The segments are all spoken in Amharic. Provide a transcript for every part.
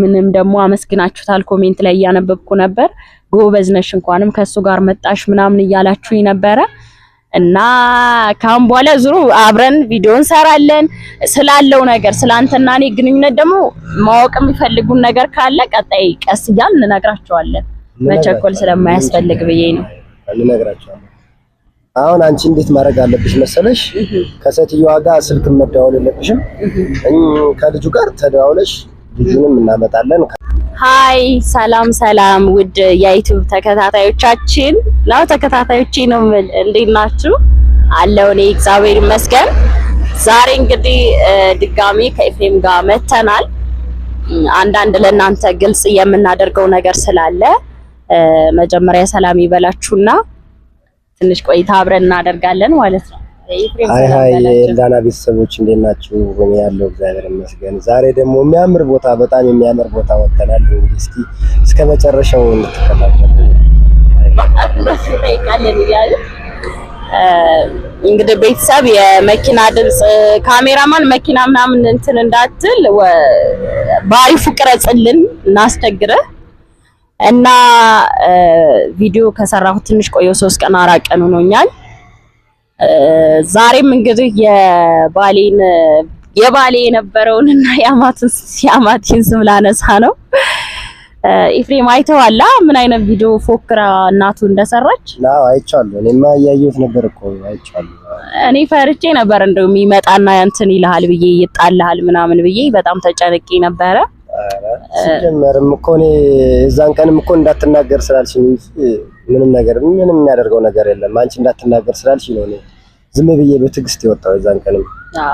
ምንም ደግሞ አመስግናችሁታል። ኮሜንት ላይ እያነበብኩ ነበር። ጎበዝ ነሽ፣ እንኳንም ከሱ ጋር መጣሽ ምናምን እያላችሁ ነበረ እና ካሁን በኋላ ዙሩ አብረን ቪዲዮ እንሰራለን። ስላለው ነገር ስላንተና እኔ ግንኙነት ደግሞ ማወቅ የሚፈልጉን ነገር ካለ ቀጣይ ቀስ እያል እንነግራቸዋለን። መቸኮል ስለማያስፈልግ ብዬ ነው እንነግራቸዋለን። አሁን አንቺ እንዴት ማድረግ አለብሽ መሰለሽ? ከሴትዮዋ ጋር ስልክ መደዋወል የለብሽም። ከልጁ ጋር ተደዋውለሽ ልጁንም እናመጣለን። ሀይ ሰላም ሰላም፣ ውድ የዩቱብ ተከታታዮቻችን ላው ተከታታዮቼ ነው የምል እንዴት ናችሁ? አለው እኔ እግዚአብሔር ይመስገን። ዛሬ እንግዲህ ድጋሜ ከኤፍሬም ጋር መተናል። አንዳንድ ለእናንተ ግልጽ የምናደርገው ነገር ስላለ መጀመሪያ ሰላም ይበላችሁና ትንሽ ቆይታ አብረን እናደርጋለን ማለት ነው። አይ ሀይ የኤልዳና ቤተሰቦች እንዴት ናችሁ? እኔ ያለው እግዚአብሔር ይመስገን። ዛሬ ደግሞ የሚያምር ቦታ በጣም የሚያምር ቦታ ወጥተናል። እንግዲህ እስኪ እስከ መጨረሻው እንድትከታተሉ እንግዲህ ቤተሰብ የመኪና ድምፅ ካሜራማን መኪና ምናምን እንትን እንዳትል በአሪፉ ቅረጽልን እናስቸግርህ እና ቪዲዮ ከሰራሁት ትንሽ ቆየ ሶስት ቀን አራት ቀን ሆኖኛል። ዛሬም እንግዲህ የባሌን የባሌ የነበረውንና የአማቴን ስም ላነሳ ነው። ኢፍሬም አይተዋላ ምን አይነት ቪዲዮ ፎክራ እናቱ እንደሰራች? አዎ አይቻለሁ። እኔማ እያየሁት ነበር እኮ አይቻለሁ። እኔ ፈርቼ ነበር እንደውም ይመጣና ያንትን ይልሃል ብዬ ይጣልሃል ምናምን ብዬ በጣም ተጨንቄ ነበረ። ሲጀመርም እኮ እኔ እዛን ቀንም እኮ እንዳትናገር ስላልሽኝ ምንም ነገር ምንም የሚያደርገው ነገር የለም። አንቺ እንዳትናገር ስላልሽ ነው እኔ ዝም ብዬ በትዕግስት የወጣው የዛን ቀንም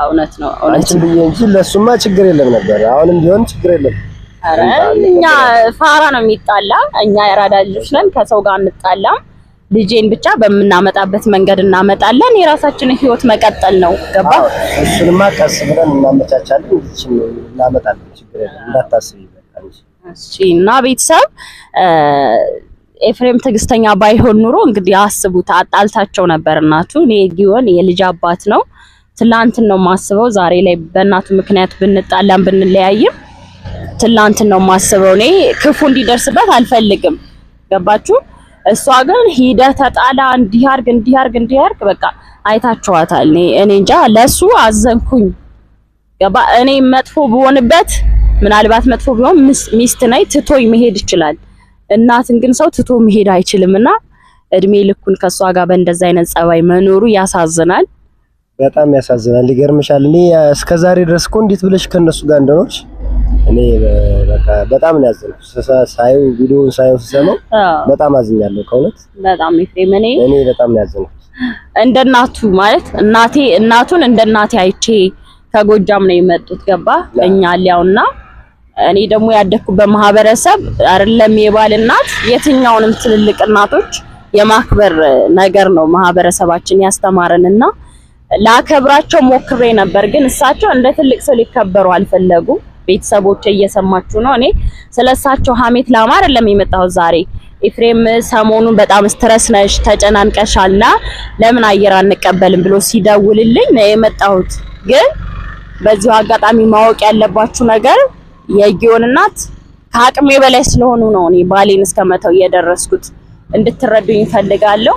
እውነት ነው አንቺ ብዬ እንጂ ለሱማ ችግር የለም ነበር። አሁንም ቢሆን ችግር የለም። ኧረ እኛ ፋራ ነው የሚጣላ። እኛ የራዳ ልጆች ነን፣ ከሰው ጋር አንጣላም። ልጄን ብቻ በምናመጣበት መንገድ እናመጣለን። የራሳችንን ህይወት መቀጠል ነው። ገባ? እሱንማ ቀስ ብለን እናመቻቻለን፣ እናመጣለን። ችግር የለም እንዳታስቢ። እና ቤተሰብ ኤፍሬም ትዕግስተኛ ባይሆን ኑሮ እንግዲህ አስቡት፣ አጣልታቸው ነበር እናቱ። እኔ ጊዮን የልጅ አባት ነው። ትላንትን ነው ማስበው። ዛሬ ላይ በእናቱ ምክንያት ብንጣላም ብንለያይም ትላንትን ነው ማስበው። እኔ ክፉ እንዲደርስበት አልፈልግም። ገባችሁ? እሷ ግን ሂደ ተጣላ፣ እንዲህ አድርግ፣ እንዲህ አድርግ፣ እንዲህ አድርግ፣ በቃ አይታችኋታል። እኔ እኔ እንጃ ለሱ አዘንኩኝ። ገባ? እኔ መጥፎ ብሆንበት ምናልባት መጥፎ ቢሆን ሚስት ነኝ፣ ትቶኝ መሄድ ይችላል እናትን ግን ሰው ትቶ መሄድ አይችልም እና እድሜ ልኩን ከሷ ጋር በእንደዛ አይነት ጸባይ መኖሩ ያሳዝናል። በጣም ያሳዝናል። ይገርምሻል። እኔ እስከዛሬ ድረስ እኮ እንዴት ብለሽ ከነሱ ጋር እንደኖች እኔ በቃ በጣም ነው ያዘንኩት። ሳይው ቪዲዮ ሳይው ስሰማው በጣም አዝኛለሁ። ከእውነት በጣም ኤፍሬም፣ እኔ እኔ በጣም ነው ያዘንኩት። እንደናቱ ማለት እናቴ እናቱን እንደናቴ አይቼ ከጎጃም ነው የመጡት ገባ እኛ ሊያውና እኔ ደግሞ ያደግኩበት ማህበረሰብ አይደለም የባል እናት የትኛውንም ትልልቅ እናቶች የማክበር ነገር ነው ማህበረሰባችን ያስተማረንና ላከብራቸው ሞክሬ ነበር፣ ግን እሳቸው እንደ ትልቅ ሰው ሊከበሩ አልፈለጉም። ቤተሰቦቼ እየሰማችሁ ነው። እኔ ስለሳቸው ሀሜት ላማ አይደለም የመጣሁት ዛሬ ኤፍሬም ሰሞኑን በጣም ስትረስ ነሽ ተጨናንቀሻልና ለምን አየር አንቀበልም ብሎ ሲደውልልኝ ነው የመጣሁት። ግን በዚሁ አጋጣሚ ማወቅ ያለባችሁ ነገር የጊዮን እናት ከአቅሜ በላይ ስለሆኑ ነው እኔ ባሌን እስከመተው እየደረስኩት እንድትረዱኝ እፈልጋለሁ።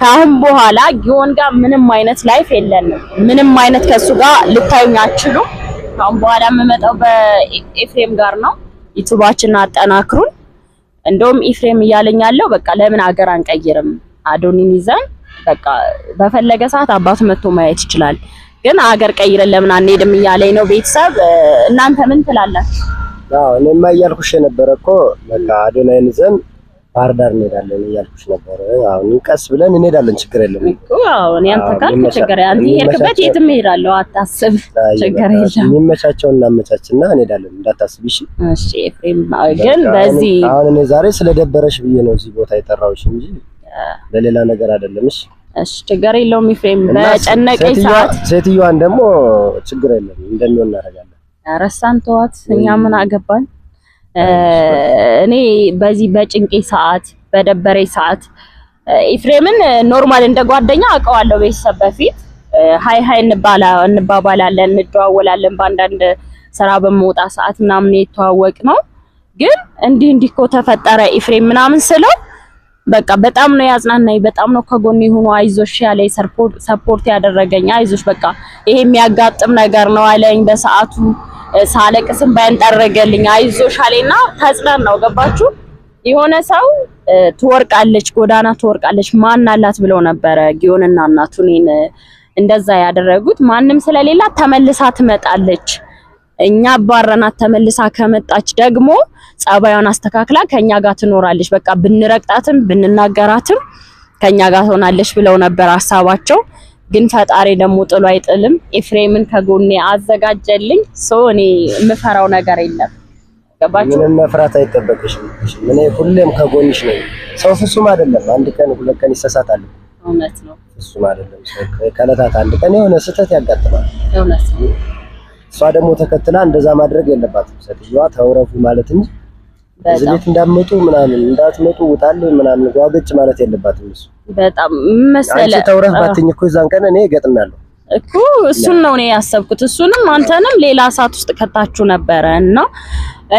ከአሁን በኋላ ጊዮን ጋር ምንም አይነት ላይፍ የለንም። ምንም አይነት ከሱ ጋር ልታዩኝ አትችሉም። ከአሁን በኋላ የምመጣው በኤፍሬም ጋር ነው። ዩቱባችንን አጠናክሩን። እንደውም ኤፍሬም እያለኝ ያለው በቃ ለምን ሀገር አንቀይርም አዶኒን ይዘን በቃ በፈለገ ሰዓት አባቱ መጥቶ ማየት ይችላል። ግን አገር ቀይረን ለምን አንሄድም እያለኝ ነው ቤተሰብ። እናንተ ምን ትላላችሁ? አዎ እኔማ እያልኩሽ የነበረ እኮ በቃ አዶናይን ዘን ባህር ዳር እንሄዳለን እያልኩሽ ነበረ። አሁን ቀስ ብለን እንሄዳለን፣ ችግር የለም አዎ እኔ አንተ ካልክ ችግር አንተ የሄድክበት የትም እሄዳለሁ፣ አታስብ፣ ችግር የለም። የሚመቻቸውን እናመቻችና እንሄዳለን፣ እንዳታስብ። እሺ፣ እሺ ኤፍሬም። ግን በዚህ አሁን እኔ ዛሬ ስለደበረሽ ብዬ ነው እዚህ ቦታ የጠራሁሽ እንጂ ለሌላ ነገር አይደለም። እሺ እሺ ችግር የለውም ኤፍሬም። በጨነቀኝ ሰዓት ሴትዮዋን ደግሞ ችግር የለም እንደሚሆን እናደርጋለን። ረሳን ተዋት፣ እኛ ምን አገባን? እኔ በዚህ በጭንቄ ሰዓት በደበሬ ሰዓት ኤፍሬምን ኖርማል እንደ ጓደኛ አውቀዋለሁ። ቤተሰብ በፊት ሀይ ሀይ እንባባላለን፣ እንደዋወላለን በአንዳንድ ስራ በመውጣ ሰዓት ምናምን የተዋወቅ ነው። ግን እንዲህ እንዲህ እኮ ተፈጠረ ኤፍሬም ምናምን ስለው በቃ በጣም ነው ያጽናናኝ። በጣም ነው ከጎን ሆኖ አይዞሽ ያለኝ ሰፖርት ያደረገኝ። አይዞሽ በቃ ይሄ የሚያጋጥም ነገር ነው አለኝ። በሰዓቱ ሳለቅስም ባንጠረገልኝ አይዞሽ አለኝና ተጽናን ነው ገባችሁ። የሆነ ሰው ትወርቃለች፣ ጎዳና ትወርቃለች፣ ማን አላት ብለው ነበረ ጊዮንና እናቱ እናቱን እንደዛ ያደረጉት። ማንም ስለሌላ ተመልሳ ትመጣለች እኛ አባረናት ተመልሳ ከመጣች ደግሞ ጸባዩን አስተካክላ ከኛ ጋር ትኖራለች፣ በቃ ብንረግጣትም ብንናገራትም ከኛ ጋር ትሆናለች ብለው ነበር ሀሳባቸው። ግን ፈጣሪ ደግሞ ጥሎ አይጥልም። ኤፍሬምን ከጎኔ አዘጋጀልኝ። ሶ እኔ የምፈራው ነገር የለም። ገባችሁ? ምንም መፍራት አይጠበቅሽም። እኔ ሁሌም ከጎንሽ ነኝ። ሰው ፍጹም አይደለም። አንድ ቀን ሁለት ቀን ይሰሳታል። እውነት ነው። ፍጹም አይደለም። ከዕለታት አንድ ቀን የሆነ ስህተት ያጋጥማል። እውነት ነው። እሷ ደግሞ ተከትላ እንደዛ ማድረግ የለባትም። ሴትዮዋ ተውረፉ ማለት እንጂ እዚህ ቤት እንዳትመጡ ምናምን እንዳትመጡ ውጣልኝ ምናምን ጓገጭ ማለት የለባትም። እሱ በጣም መሰለ ተውረፍ ባትኝ እኮ እዛን ቀን እኔ እገጥማለሁ እኮ እሱን ነው እኔ ያሰብኩት። እሱንም አንተንም ሌላ እሳት ውስጥ ከታችሁ ነበረ እና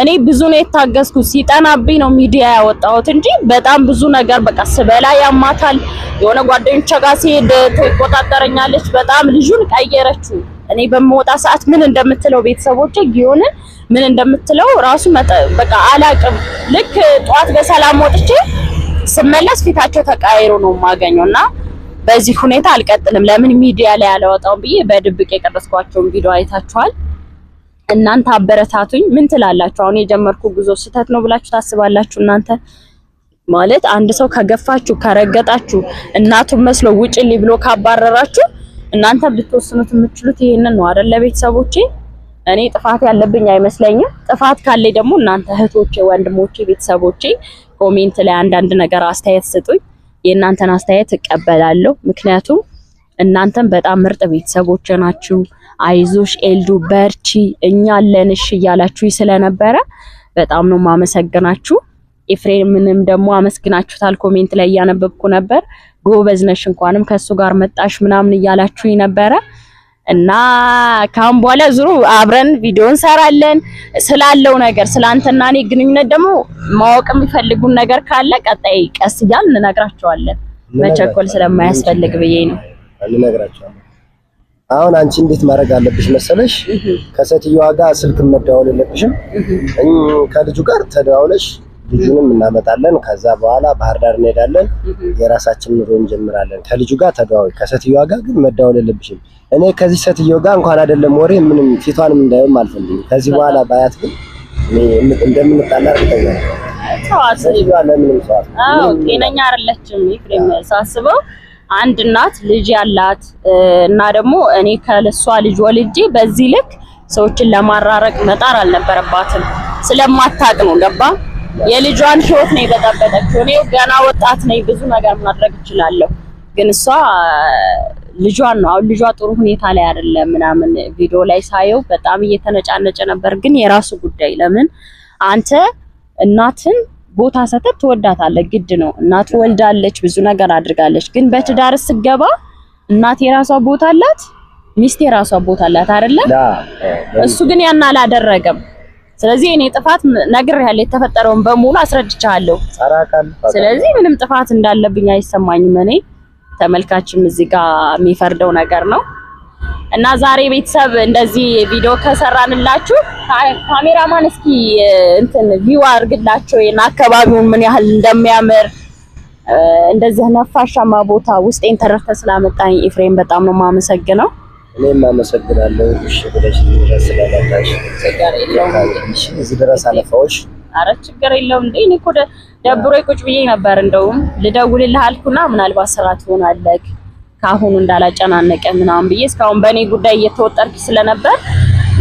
እኔ ብዙ ነው የታገዝኩት። ሲጠናብኝ ነው ሚዲያ ያወጣሁት እንጂ በጣም ብዙ ነገር በቃ ስበላ ያማታል። የሆነ ጓደኞቿ ጋር ሲሄድ ትቆጣጠረኛለች። በጣም ልጁን ቀየረችው። እኔ በመወጣ ሰዓት ምን እንደምትለው ቤተሰቦች ጊዮን ምን እንደምትለው ራሱ በቃ አላቅም። ልክ ጠዋት በሰላም ወጥቼ ስመለስ ፊታቸው ተቃይሮ ነው የማገኘው እና በዚህ ሁኔታ አልቀጥልም። ለምን ሚዲያ ላይ አላወጣውም ብዬ በድብቅ የቀረስኳቸውን ቪዲዮ አይታችኋል። እናንተ አበረታቱኝ። ምን ትላላችሁ? አሁን የጀመርኩ ጉዞ ስህተት ነው ብላችሁ ታስባላችሁ? እናንተ ማለት አንድ ሰው ከገፋችሁ፣ ከረገጣችሁ፣ እናቱን መስሎ ውጭ ሊብሎ ብሎ ካባረራችሁ እናንተ ልትወስኑት የምትችሉት ይሄንን ነው አይደል? ለቤተሰቦቼ እኔ ጥፋት ያለብኝ አይመስለኝም። ጥፋት ካለ ደግሞ እናንተ እህቶቼ፣ ወንድሞቼ፣ ቤተሰቦቼ ኮሜንት ላይ አንዳንድ ነገር አስተያየት ስጡኝ። የእናንተን አስተያየት እቀበላለሁ። ምክንያቱም እናንተም በጣም ምርጥ ቤተሰቦች ናችሁ። አይዞሽ ኤልዱ በርቺ፣ እኛ አለንሽ እያላችሁ ስለነበረ በጣም ነው ማመሰግናችሁ። ኤፍሬምንም ደግሞ አመስግናችሁታል። ኮሜንት ላይ እያነበብኩ ነበር። ጎበዝ ነሽ፣ እንኳንም ከሱ ጋር መጣሽ ምናምን እያላችሁኝ ነበረ እና ካሁን በኋላ ዙሩ አብረን ቪዲዮ እንሰራለን። ስላለው ነገር ስላንተና እኔ ግንኙነት ደግሞ ማወቅ የሚፈልጉን ነገር ካለ ቀጣይ ቀስ እያል እንነግራቸዋለን። መቸኮል ስለማያስፈልግ ብዬ ነው እንነግራቸዋለን። አሁን አንቺ እንዴት ማድረግ አለብሽ መሰለሽ? ከሴትዮዋ ጋር ስልክ መደዋወል የለብሽም። ከልጁ ጋር ተደዋውለሽ ልጁንም እናመጣለን። ከዛ በኋላ ባህር ዳር እንሄዳለን። የራሳችን ኑሮ እንጀምራለን። ከልጁ ጋር ተደዋወይ፣ ከሴትዮዋ ጋር ግን መደዋወል የለብሽም። እኔ ከዚህ ሴትዮ ጋር እንኳን አይደለም ወሬ ምንም ፊቷንም እንዳይም አልፈልግም። ከዚህ በኋላ ባያት ግን እንደምንጣላ እርግጠኛ ጤነኛ አይደለችም። ፍሬም ሳስበው አንድ እናት ልጅ ያላት እና ደግሞ እኔ ከልሷ ልጅ ወልጄ በዚህ ልክ ሰዎችን ለማራረቅ መጣር አልነበረባትም። ስለማታቅ ነው ገባ የልጇን ህይወት ነው የበጠበጠችው። እኔ ገና ወጣት ነኝ፣ ብዙ ነገር ማድረግ እችላለሁ። ግን እሷ ልጇን ነው አሁን ልጇ ጥሩ ሁኔታ ላይ አይደለም ምናምን ቪዲዮ ላይ ሳየው በጣም እየተነጫነጨ ነበር። ግን የራሱ ጉዳይ ለምን አንተ እናትን ቦታ ሰተት ትወዳታለህ፣ ግድ ነው እናት ወልዳለች፣ ብዙ ነገር አድርጋለች። ግን በትዳር ስገባ እናት የራሷ ቦታ አላት፣ ሚስት የራሷ ቦታ አላት አይደለም። እሱ ግን ያን አላደረገም። ስለዚህ እኔ ጥፋት ነግሬሃለሁ፣ የተፈጠረውን በሙሉ አስረድቻለሁ። ስለዚህ ምንም ጥፋት እንዳለብኝ አይሰማኝም። እኔ ተመልካችም እዚህ ጋር የሚፈርደው ነገር ነው እና ዛሬ ቤተሰብ እንደዚህ ቪዲዮ ከሰራንላችሁ ካሜራማን እስኪ እንትን ቪው አድርግላቸው አካባቢውን ምን ያህል እንደሚያምር እንደዚህ ነፋሻማ ቦታ ውስጤን ተረፍተ ስላመጣኝ ኢፍሬም በጣም ነው የማመሰግነው። እኔም አመሰግናለሁ። እሺ ብለሽ ድረስ ስለመጣሽ እዚህ ድረስ አለፋዎች። አረ ችግር የለውም እንዴ እኔ እኮ ደብሮ ቁጭ ብዬ ነበር። እንደውም ልደውልልህ አልኩና ምናልባት ስራ ትሆናለህ ከአሁኑ እንዳላጨናነቀ ምናምን ብዬ እስካሁን በእኔ ጉዳይ እየተወጠርክ ስለነበር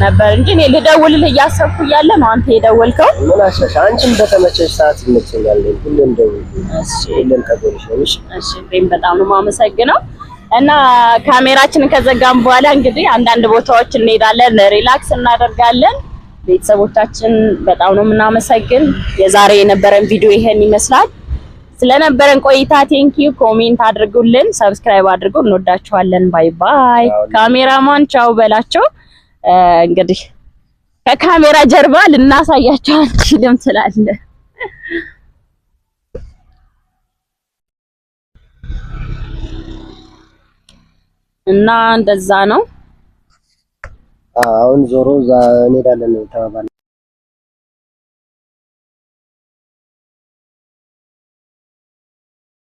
ነበር እንጂ እኔ ልደውልልህ እያሰብኩ እያለ ነው አንተ የደወልከው። ምን አሸሽ? አንቺም በተመቸሽ ሰዓት ይመቸኛል። ሁሌም ደውል። እሺ፣ ሁሌም ከጎንሽ እሺ፣ እሺ፣ በጣም ነው የማመሰግነው። እና ካሜራችንን ከዘጋም በኋላ እንግዲህ አንዳንድ ቦታዎች እንሄዳለን፣ ሪላክስ እናደርጋለን። ቤተሰቦቻችን በጣም ነው የምናመሰግን። የዛሬ የነበረን ቪዲዮ ይሄን ይመስላል። ስለነበረን ቆይታ ዩ። ኮሜንት አድርጉልን፣ ሰብስክራይብ አድርጉ። እንወዳችኋለን። ባይ ባይ። ካሜራማን ቻው በላቸው። እንግዲህ ከካሜራ ጀርባ ልናሳያቸው አንችልም ስላለ እና እንደዛ ነው። አሁን ዞሮ እዛ እንሄዳለን ተባባልን።